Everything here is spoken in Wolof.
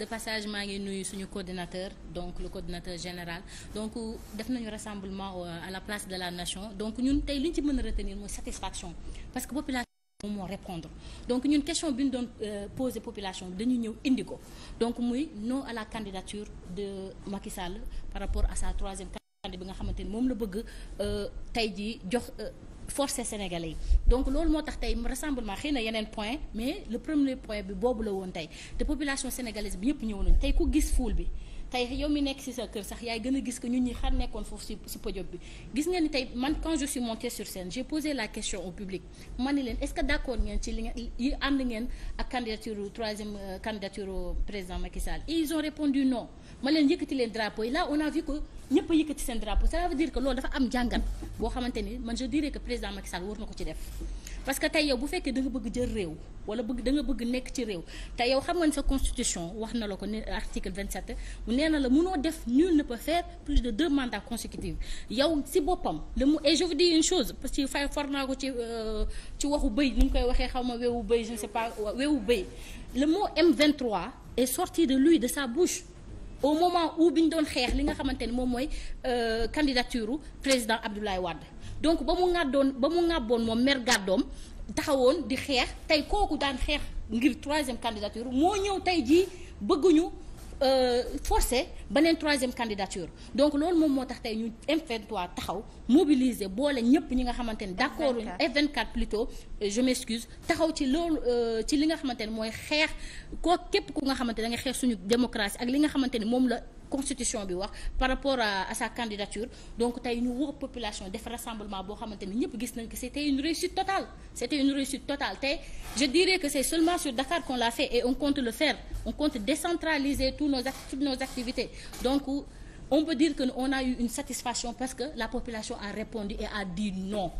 de passage maa ngi nuyu suñu coordinateur donc le coordinateur général donc def nañu rassemblement à la place de la nation donc ñun tey li ñu ci mën a retenir mooy satisfaction parce que population moom moo répondre donc ñun question bi ñu doon euh, poser population bi dañu ñëw indi ko donc muy non à la candidature de Macky Sall par rapport à sa troisième candidature bi nga xamante ni moom la bëgg euh, tey jii jox euh, forcer Sénégalais yi donc loolu moo tax tey rassemblement xëy na yeneen point mais le premier point bi boobu la woon tey te population sénégalaise bi ñëpp ñëw nañ tey ku gis foule bi tey yow mi nekk ci sa kër sax yaay gën a gis que ñun ñi xar nekkoon foofu ci ci bi gis nga ni tey man quand je suis sur scène j'ai posé la question au public ma ne leen est-ce que d'accord ngeen ci li nga yi ànd ngeen ak candidature troisième euh, candidature président Macky Sall et ils ont répondu non ma leen yëkkati leen drapeau yi là on a vu que ñëpp a yëkkati seen drapeau ça veut dire que loolu dafa am jàngat boo xamante ni man je dirais que war na ko ci def parce que tey yow bu fekkee da bëgg jël réew wala bëgg danga bëgg nekk ci réew te yow xam nga ne sa constitution wax na la ko ne article 27 nee na la mënoo def nul ne peut faire plus de deux mandats consécutifs yow si boppam la mu et je vous une chose parce que fay for naa ko ci euh, ci waxu bëy ni ñu koy waxee xaw ma weewu bëy je ne sais pas weewu bëy le mu M23 est sorti de lui de sa bouche au moment où bi ñu doon xeex li nga xamante ni moom mooy euh, candidature président Abdoulaye wadd donc ba mu ŋàddoon ba mu ŋàbboon moom mer gàddoom taxawoon di xeex tey kooku daan xeex ngir troisième candidature moo ñëw tey jii bëgguñu ba euh, beneen troisième candidature donc loolu moom moo tax tey ñu m taxaw mobiliser boole ñëpp ñi nga xamante ne d'accord F24 plutôt je m'excuse taxaw ci loolu euh, ci li nga xamante ne mooy xeex koo képp ku nga xamante ne da xeex suñu démocratie ak li nga xamante ne moom la constitution bi wax par rapport à, à sa candidature donc tey ñu woo population def rassemblement boo xamante ni ñëpp gis nañ que c'était une réussite totale c'était une réussite totale tey je dirais que c'est seulement sur Dakar qu'on l'a fait et on compte le faire on compte décentraliser tous nos activités donc on peut dire que on a eu une satisfaction parce que la population a répondu et a dit non.